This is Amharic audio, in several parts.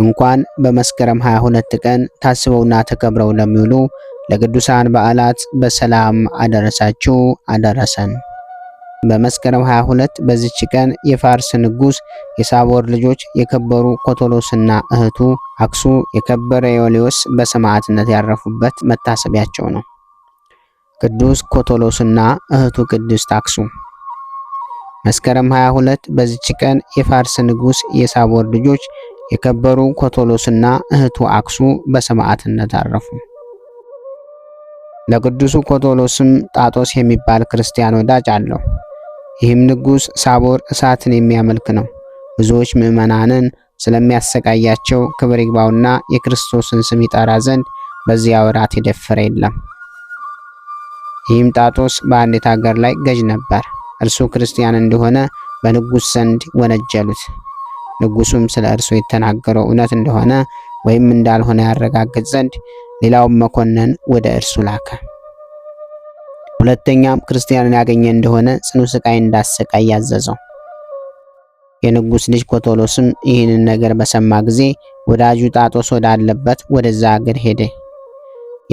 እንኳን በመስከረም 22 ቀን ታስበውና ተከብረው ለሚውሉ ለቅዱሳን በዓላት በሰላም አደረሳችሁ አደረሰን። በመስከረም 22 በዚች ቀን የፋርስ ንጉሥ የሳቦር ልጆች የከበሩ ኮቶሎስና እህቱ አክሱ የከበረ ዮልዮስ በሰማዕትነት ያረፉበት መታሰቢያቸው ነው። ቅዱስ ኮቶሎስና እህቱ ቅድስት አክሱ መስከረም 22 በዚች ቀን የፋርስ ንጉሥ የሳቦር ልጆች የከበሩ ኮቶሎስና እህቱ አክሱ በሰማዕትነት አረፉ። ለቅዱሱ ኮቶሎስም ጣጦስ የሚባል ክርስቲያን ወዳጅ አለው። ይህም ንጉሥ ሳቦር እሳትን የሚያመልክ ነው። ብዙዎች ምዕመናንን ስለሚያሰቃያቸው ክብር ይግባውና የክርስቶስን ስም ይጠራ ዘንድ በዚያ ወራት የደፈረ የለም። ይህም ጣጦስ በአንዲት አገር ላይ ገዥ ነበር። እርሱ ክርስቲያን እንደሆነ በንጉሥ ዘንድ ወነጀሉት። ንጉሱም ስለ እርሱ የተናገረው እውነት እንደሆነ ወይም እንዳልሆነ ያረጋግጥ ዘንድ ሌላውም መኮንን ወደ እርሱ ላከ። ሁለተኛም ክርስቲያንን ያገኘ እንደሆነ ጽኑ ስቃይ እንዳሰቃይ ያዘዘው። የንጉሥ ልጅ ኮቶሎስም ይህንን ነገር በሰማ ጊዜ ወዳጁ ጣጦስ ወዳለበት ወደዛ አገር ሄደ።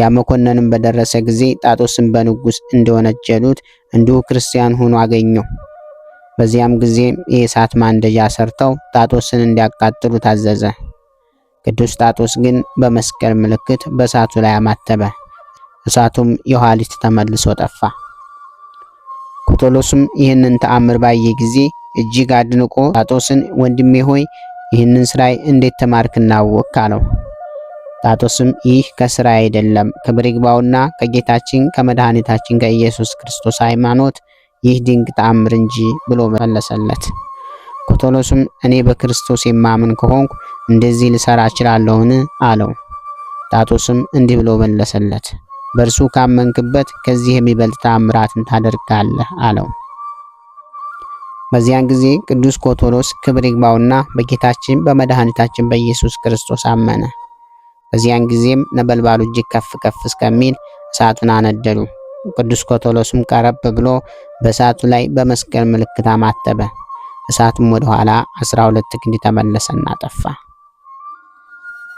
ያ መኮንንም በደረሰ ጊዜ ጣጦስን በንጉሥ እንደወነጀሉት እንዲሁ ክርስቲያን ሆኖ አገኘው። በዚያም ጊዜ የእሳት ማንደጃ ሰርተው ጣጦስን እንዲያቃጥሉ ታዘዘ። ቅዱስ ጣጦስ ግን በመስቀል ምልክት በእሳቱ ላይ አማተበ። እሳቱም የኋሊት ተመልሶ ጠፋ። ኮቶሎስም ይህንን ተአምር ባየ ጊዜ እጅግ አድንቆ ጣጦስን ወንድሜ ሆይ ይህንን ስራይ እንዴት ተማርክና አወቅክ አለው። ጣጦስም ይህ ከስራ አይደለም፣ ክብር ይግባውና ከጌታችን ከመድኃኒታችን ከኢየሱስ ክርስቶስ ሃይማኖት ይህ ድንቅ ተአምር እንጂ ብሎ መለሰለት። ኮቶሎስም እኔ በክርስቶስ የማምን ከሆንኩ እንደዚህ ልሰራ እችላለሁን? አለው። ጣቶስም እንዲህ ብሎ መለሰለት፣ በእርሱ ካመንክበት ከዚህ የሚበልጥ ተአምራትን ታደርጋለህ አለው። በዚያን ጊዜ ቅዱስ ኮቶሎስ ክብር ይግባውና በጌታችን በመድኃኒታችን በኢየሱስ ክርስቶስ አመነ። በዚያን ጊዜም ነበልባሉ እጅግ ከፍ ከፍ እስከሚል እሳትን አነደሉ። ቅዱስ ኮቶሎስም ቀረብ ብሎ በእሳቱ ላይ በመስቀል ምልክት አማተበ። እሳቱም ወደ ኋላ አስራ ሁለት ክንድ ተመለሰና ጠፋ።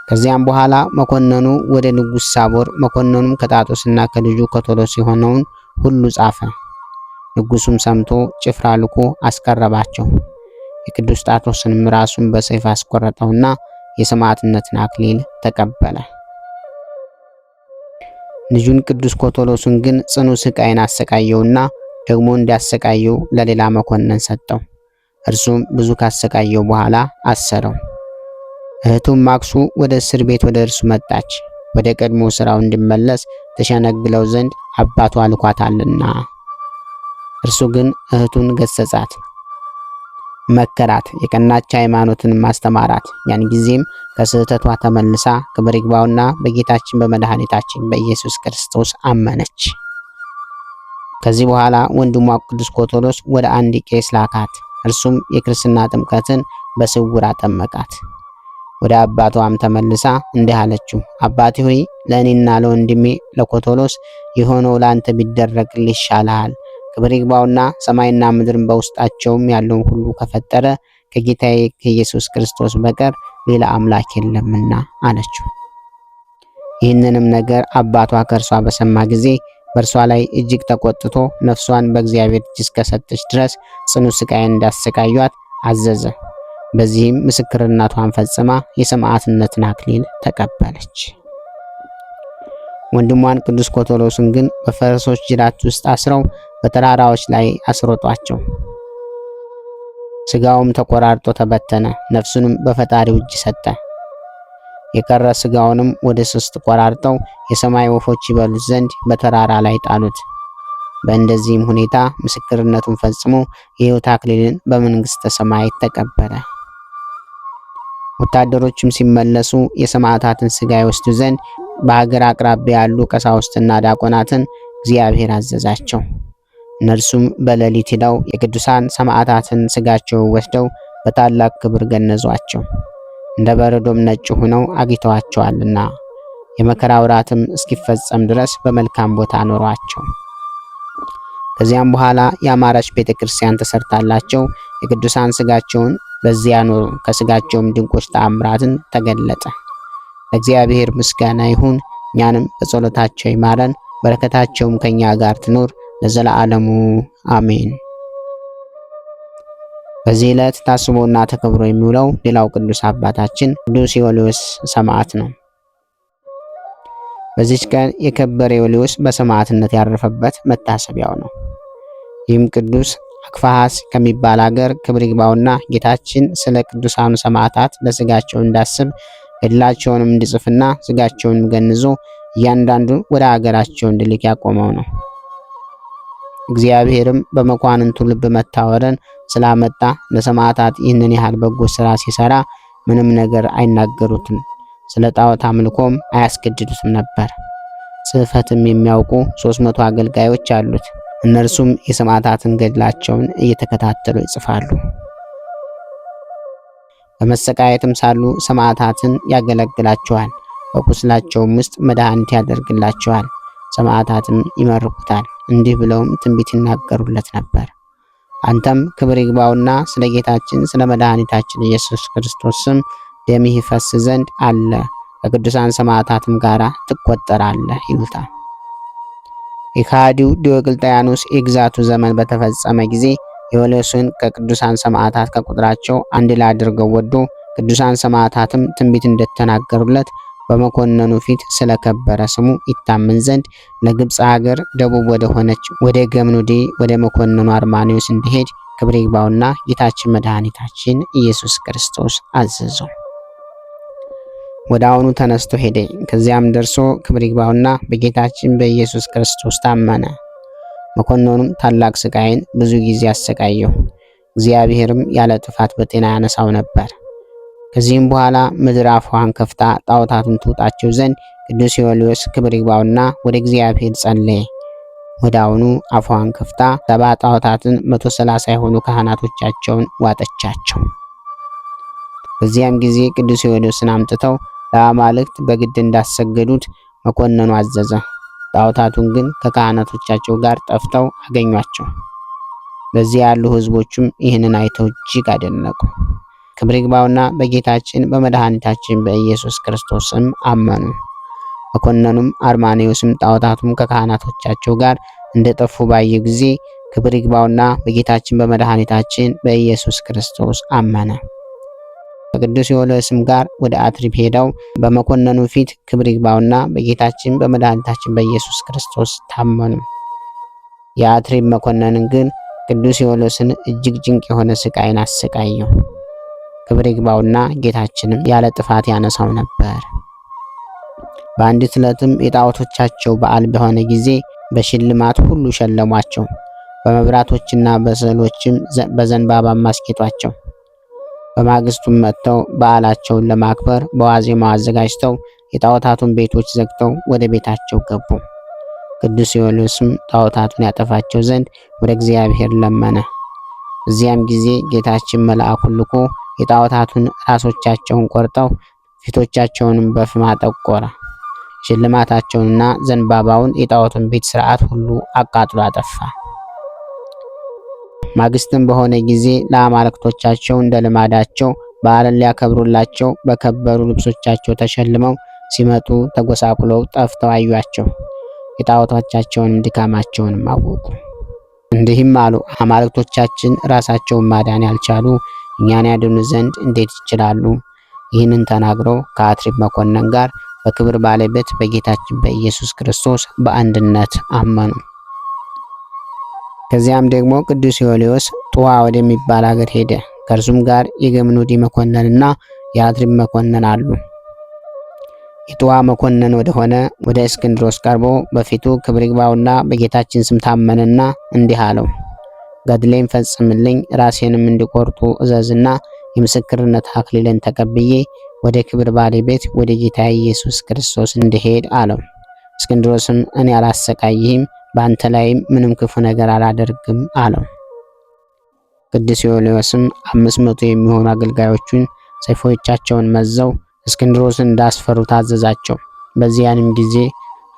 ከዚያም በኋላ መኮንኑ ወደ ንጉሥ ሳቦር፣ መኮንኑም ከጣጦስና ከልጁ ኮቶሎስ የሆነውን ሁሉ ጻፈ። ንጉሱም ሰምቶ ጭፍራ ልኮ አስቀረባቸው። የቅዱስ ጣቶስንም ራሱን በሰይፍ አስቆረጠውና የሰማዕትነትን አክሊል ተቀበለ። ልጁን ቅዱስ ኮቶሎስን ግን ጽኑ ስቃይን አሰቃየውና ደግሞ እንዲያሰቃየው ለሌላ መኮንን ሰጠው። እርሱም ብዙ ካሰቃየው በኋላ አሰረው። እህቱም ማክሱ ወደ እስር ቤት ወደ እርሱ መጣች፣ ወደ ቀድሞ ስራው እንዲመለስ ተሸነግለው ዘንድ አባቷ አልኳታልና። እርሱ ግን እህቱን ገሰጻት። መከራት፣ የቀናች ሃይማኖትን ማስተማራት። ያን ጊዜም ከስህተቷ ተመልሳ ክብር ይግባውና በጌታችን በመድኃኒታችን በኢየሱስ ክርስቶስ አመነች። ከዚህ በኋላ ወንድሟ ቅዱስ ኮቶሎስ ወደ አንድ ቄስ ላካት። እርሱም የክርስትና ጥምቀትን በስውር አጠመቃት። ወደ አባቷም ተመልሳ እንዲህ አለችው፣ አባቴ ሆይ ለእኔና ለወንድሜ ለኮቶሎስ የሆነው ለአንተ ቢደረግ ይሻልሃል። ክብር ይግባውና ሰማይና ምድርን በውስጣቸውም ያለውን ሁሉ ከፈጠረ ከጌታዬ ከኢየሱስ ክርስቶስ በቀር ሌላ አምላክ የለምና አለችው። ይህንንም ነገር አባቷ ከእርሷ በሰማ ጊዜ በእርሷ ላይ እጅግ ተቆጥቶ ነፍሷን በእግዚአብሔር እጅ እስከሰጠች ድረስ ጽኑ ስቃይን እንዳሰቃዩት አዘዘ። በዚህም ምስክርነቷን ፈጽማ የሰማዕትነትን አክሊል ተቀበለች። ወንድሟን ቅዱስ ኮቶሎስን ግን በፈረሶች ጅራት ውስጥ አስረው በተራራዎች ላይ አስሮጧቸው። ስጋውም ተቆራርጦ ተበተነ፣ ነፍሱንም በፈጣሪው እጅ ሰጠ። የቀረ ስጋውንም ወደ ሶስት ቆራርጠው የሰማይ ወፎች ይበሉት ዘንድ በተራራ ላይ ጣሉት። በእንደዚህም ሁኔታ ምስክርነቱን ፈጽሞ የሕይወት አክሊልን በመንግስተ ሰማያት ተቀበለ። ወታደሮቹም ሲመለሱ የሰማዕታትን ስጋ ይወስዱ ዘንድ በሀገር አቅራቢያ ያሉ ቀሳውስትና ዲያቆናትን እግዚአብሔር አዘዛቸው። እነርሱም በሌሊት ሄደው የቅዱሳን ሰማዕታትን ስጋቸው ወስደው በታላቅ ክብር ገነዟቸው፣ እንደ በረዶም ነጭ ሆነው አግኝተዋቸዋልና የመከራ ወራትም እስኪፈጸም ድረስ በመልካም ቦታ ኖሯቸው። ከዚያም በኋላ የአማራች ቤተ ክርስቲያን ተሰርታላቸው የቅዱሳን ስጋቸውን በዚያ ኖሩ። ከስጋቸውም ድንቆች ተአምራትን ተገለጠ። ለእግዚአብሔር ምስጋና ይሁን፣ እኛንም በጸሎታቸው ይማረን፣ በረከታቸውም ከኛ ጋር ትኖር ለዘላለሙ አሜን። በዚህ ዕለት ታስቦና ተከብሮ የሚውለው ሌላው ቅዱስ አባታችን ቅዱስ ዮልዮስ ሰማዕት ነው። በዚች ቀን የከበረ ዮልዮስ በሰማዕትነት ያረፈበት መታሰቢያው ነው። ይህም ቅዱስ አክፋሃስ ከሚባል አገር ክብር ይግባውና ጌታችን ስለ ቅዱሳኑ ሰማዕታት ለስጋቸው እንዳስብ ገድላቸውንም እንድጽፍና ስጋቸውንም ገንዞ እያንዳንዱ ወደ አገራቸው እንድልክ ያቆመው ነው። እግዚአብሔርም በመኳንንቱ ልብ መታወርን ስላመጣ ለሰማዕታት ይህንን ያህል በጎ ስራ ሲሰራ ምንም ነገር አይናገሩትም። ስለ ጣዖት አምልኮም አያስገድዱትም ነበር። ጽሕፈትም የሚያውቁ ሶስት መቶ አገልጋዮች አሉት። እነርሱም የሰማዕታትን ገድላቸውን እየተከታተሉ ይጽፋሉ። በመሰቃየትም ሳሉ ሰማዕታትን ያገለግላቸዋል። በቁስላቸውም ውስጥ መድኃኒት ያደርግላቸዋል። ሰማዕታትም ይመርኩታል። እንዲህ ብለውም ትንቢት ይናገሩለት ነበር። አንተም ክብር ይግባውና ስለ ጌታችን ስለ መድኃኒታችን ኢየሱስ ክርስቶስ ስም ደምህ ይፈስ ዘንድ አለ ከቅዱሳን ሰማዕታትም ጋር ትቆጠራለህ ይሉታል። የካዲው ዲዮቅልጥያኖስ የግዛቱ ዘመን በተፈጸመ ጊዜ የወለሱን ከቅዱሳን ሰማዕታት ከቁጥራቸው አንድ ላይ አድርገው ወዶ ቅዱሳን ሰማዕታትም ትንቢት እንደተናገሩለት በመኮንኑ ፊት ስለከበረ ስሙ ይታመን ዘንድ ለግብፅ ሀገር ደቡብ ወደ ሆነች ወደ ገምኑዴ ወደ መኮንኑ አርማኒዎስ እንዲሄድ ክብር ይግባውና ጌታችን መድኃኒታችን ኢየሱስ ክርስቶስ አዘዙ። ወደ አሁኑ ተነስቶ ሄደ። ከዚያም ደርሶ ክብር ይግባውና በጌታችን በኢየሱስ ክርስቶስ ታመነ። መኮንኑም ታላቅ ስቃይን ብዙ ጊዜ አሰቃየው። እግዚአብሔርም ያለ ጥፋት በጤና ያነሳው ነበር። ከዚህም በኋላ ምድር አፏን ከፍታ ጣዖታትን ትውጣቸው ዘንድ ቅዱስ ዮልዮስ ክብር ይግባውና ወደ እግዚአብሔር ጸለየ። ወዳውኑ አፏን ከፍታ ሰባ ጣዖታትን መቶ ሰላሳ የሆኑ ካህናቶቻቸውን ዋጠቻቸው። በዚያም ጊዜ ቅዱስ ዮልዮስን አምጥተው ለአማልክት በግድ እንዳሰገዱት መኮንኑ አዘዘ። ጣዖታቱን ግን ከካህናቶቻቸው ጋር ጠፍተው አገኟቸው። በዚያ ያሉ ሕዝቦቹም ይህንን አይተው እጅግ አደነቁ። ክብር ይግባውና በጌታችን በመድኃኒታችን በኢየሱስ ክርስቶስ ስም አመኑ። መኮንኑም አርማኔዎስም ጣዖታቱም ከካህናቶቻቸው ጋር እንደጠፉ ባየ ጊዜ ክብር ይግባውና በጌታችን በመድኃኒታችን በኢየሱስ ክርስቶስ አመነ። ከቅዱስ ዮልዮስም ጋር ወደ አትሪብ ሄደው በመኮንኑ ፊት ክብር ይግባውና በጌታችን በመድኃኒታችን በኢየሱስ ክርስቶስ ታመኑ። የአትሪብ መኮንን ግን ቅዱስ ዮልዮስን እጅግ ጭንቅ የሆነ ስቃይን አሰቃየው። ክብር ይግባውና ጌታችንም ያለ ጥፋት ያነሳው ነበር። በአንዲት ዕለትም የጣዖቶቻቸው በዓል በሆነ ጊዜ በሽልማት ሁሉ ሸለሟቸው። በመብራቶችና በስዕሎችም በዘንባባ ማስጌጧቸው። በማግስቱም መጥተው በዓላቸውን ለማክበር በዋዜማው አዘጋጅተው የጣዖታቱን ቤቶች ዘግተው ወደ ቤታቸው ገቡ። ቅዱስ ዮልዮስም ጣዖታቱን ያጠፋቸው ዘንድ ወደ እግዚአብሔር ለመነ። እዚያም ጊዜ ጌታችን መልአኩን ልኮ የጣዖታቱን ራሶቻቸውን ቆርጠው ፊቶቻቸውንም በፍም አጠቆረ። ሽልማታቸውንና ዘንባባውን የጣዖቱን ቤት ስርዓት ሁሉ አቃጥሎ አጠፋ። ማግስትም በሆነ ጊዜ ለአማልክቶቻቸው እንደ ልማዳቸው በዓልን ሊያከብሩላቸው በከበሩ ልብሶቻቸው ተሸልመው ሲመጡ ተጎሳቁለው ጠፍተው አዩአቸው። የጣዖቶቻቸውንም ድካማቸውንም አወቁ። እንዲህም አሉ፣ አማልክቶቻችን ራሳቸውን ማዳን ያልቻሉ እኛን ያድኑ ዘንድ እንዴት ይችላሉ? ይህንን ተናግረው ከአትሪብ መኮንን ጋር በክብር ባለቤት በጌታችን በኢየሱስ ክርስቶስ በአንድነት አመኑ። ከዚያም ደግሞ ቅዱስ ዮልዮስ ጥዋ ወደሚባል አገር ሄደ። ከእርሱም ጋር የገምኑዲ መኮንንና የአትሪብ መኮንን አሉ። የጥዋ መኮንን ወደሆነ ወደ እስክንድሮስ ቀርቦ በፊቱ ክብር ይግባውና በጌታችን ስም ታመነና እንዲህ አለው ገድሌን ፈጽምልኝ ራሴንም እንዲቆርጡ እዘዝና የምስክርነት አክሊልን ተቀብዬ ወደ ክብር ባሌ ቤት ወደ ጌታ ኢየሱስ ክርስቶስ እንድሄድ አለው። እስክንድሮስም እኔ አላሰቃይህም፣ በአንተ ላይም ምንም ክፉ ነገር አላደርግም አለው። ቅዱስ ዮልዮስም አምስት መቶ የሚሆኑ አገልጋዮቹን ሰይፎቻቸውን መዘው እስክንድሮስን እንዳስፈሩ ታዘዛቸው። በዚያንም ጊዜ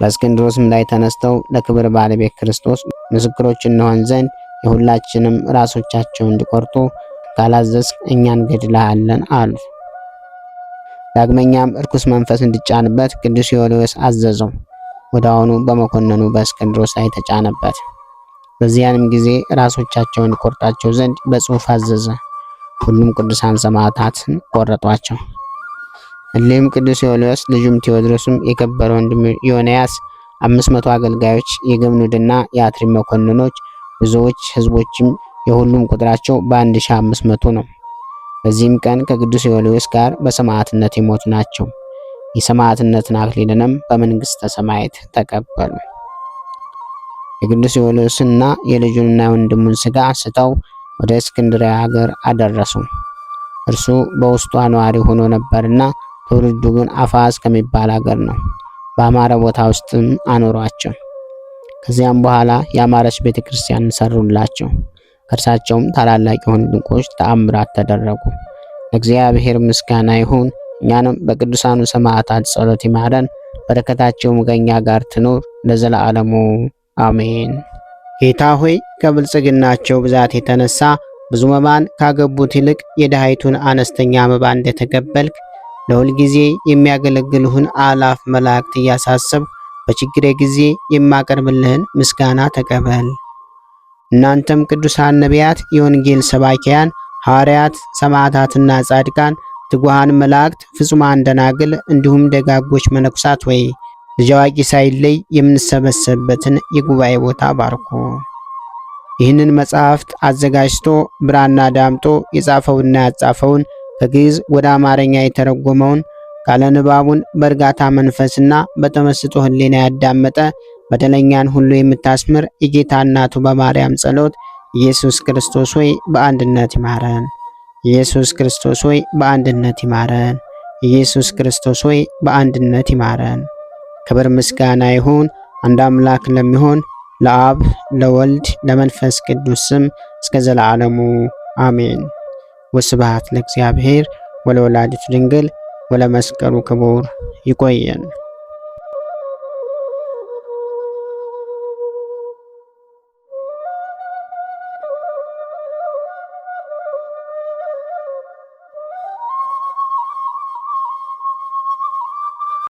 በእስክንድሮስም ላይ ተነስተው ለክብር ባለቤት ክርስቶስ ምስክሮች እንሆን ዘንድ የሁላችንም ራሶቻቸው እንዲቆርጡ ካላዘዝክ እኛ እንገድልሃለን አሉ። ዳግመኛም እርኩስ መንፈስ እንዲጫንበት ቅዱስ ዮልዮስ አዘዘው። አሁኑ በመኮንኑ በእስክንድሮስ ላይ ተጫነበት። በዚያንም ጊዜ ራሶቻቸውን እንዲቆርጣቸው ዘንድ በጽሑፍ አዘዘ። ሁሉም ቅዱሳን ሰማዕታትን ቆረጧቸው። እሊህም ቅዱስ ዮልዮስ ልጁም ቴዎድሮስም የከበረ ወንድም ዮንያስ፣ አምስት መቶ አገልጋዮች፣ የገምኑድና የአትሪ መኮንኖች ብዙዎች ህዝቦችም የሁሉም ቁጥራቸው በ1500 ነው። በዚህም ቀን ከቅዱስ ዮልዮስ ጋር በሰማዕትነት የሞቱ ናቸው። የሰማዕትነትን አክሊልንም በመንግሥተ ሰማያት ተቀበሉ። የቅዱስ ዮልዮስና የልጁንና የወንድሙን ሥጋ አንስተው ወደ እስክንድሪያ ሀገር አደረሱ። እርሱ በውስጧ ነዋሪ ሆኖ ነበርና ትውልዱ ግን አፋዝ ከሚባል ሀገር ነው። በአማረ ቦታ ውስጥም አኖሯቸው። ከዚያም በኋላ ያማረች ቤተ ክርስቲያን ሰሩላቸው። ከእርሳቸውም ታላላቅ የሆኑ ድንቆች ተአምራት ተደረጉ። ለእግዚአብሔር ምስጋና ይሁን። እኛንም በቅዱሳኑ ሰማዕታት ጸሎት ይማረን፣ በረከታቸውም ከእኛ ጋር ትኖር ለዘላለሙ አሜን። ጌታ ሆይ ከብልጽግናቸው ብዛት የተነሳ ብዙ መባን ካገቡት ይልቅ የድሃይቱን አነስተኛ መባ እንደተቀበልክ ለሁልጊዜ የሚያገለግልህን አላፍ መላእክት እያሳሰብክ በችግሬ ጊዜ የማቀርብልህን ምስጋና ተቀበል። እናንተም ቅዱሳን ነቢያት፣ የወንጌል ሰባኪያን ሐዋርያት፣ ሰማዕታትና ጻድቃን፣ ትጉሃን መላእክት፣ ፍጹማን ደናግል እንዲሁም ደጋጎች መነኩሳት ወይ ልጅ አዋቂ ሳይለይ የምንሰበሰብበትን የጉባኤ ቦታ ባርኮ ይህንን መጽሐፍት አዘጋጅቶ ብራና ዳምጦ የጻፈውና ያጻፈውን ከግዕዝ ወደ አማርኛ የተረጎመውን ቃለ ንባቡን በእርጋታ መንፈስና በተመስጦ ህሊና ያዳመጠ በደለኛን ሁሉ የምታስምር የጌታ እናቱ በማርያም ጸሎት ኢየሱስ ክርስቶስ ሆይ በአንድነት ይማረን። ኢየሱስ ክርስቶስ ሆይ በአንድነት ይማረን። ኢየሱስ ክርስቶስ ሆይ በአንድነት ይማረን። ክብር ምስጋና ይሁን አንድ አምላክ ለሚሆን ለአብ ለወልድ ለመንፈስ ቅዱስ ስም እስከ ዘላለሙ አሜን። ወስብሐት ለእግዚአብሔር ወለወላዲቱ ድንግል ወለመስቀሉ ክቡር ይቆየን።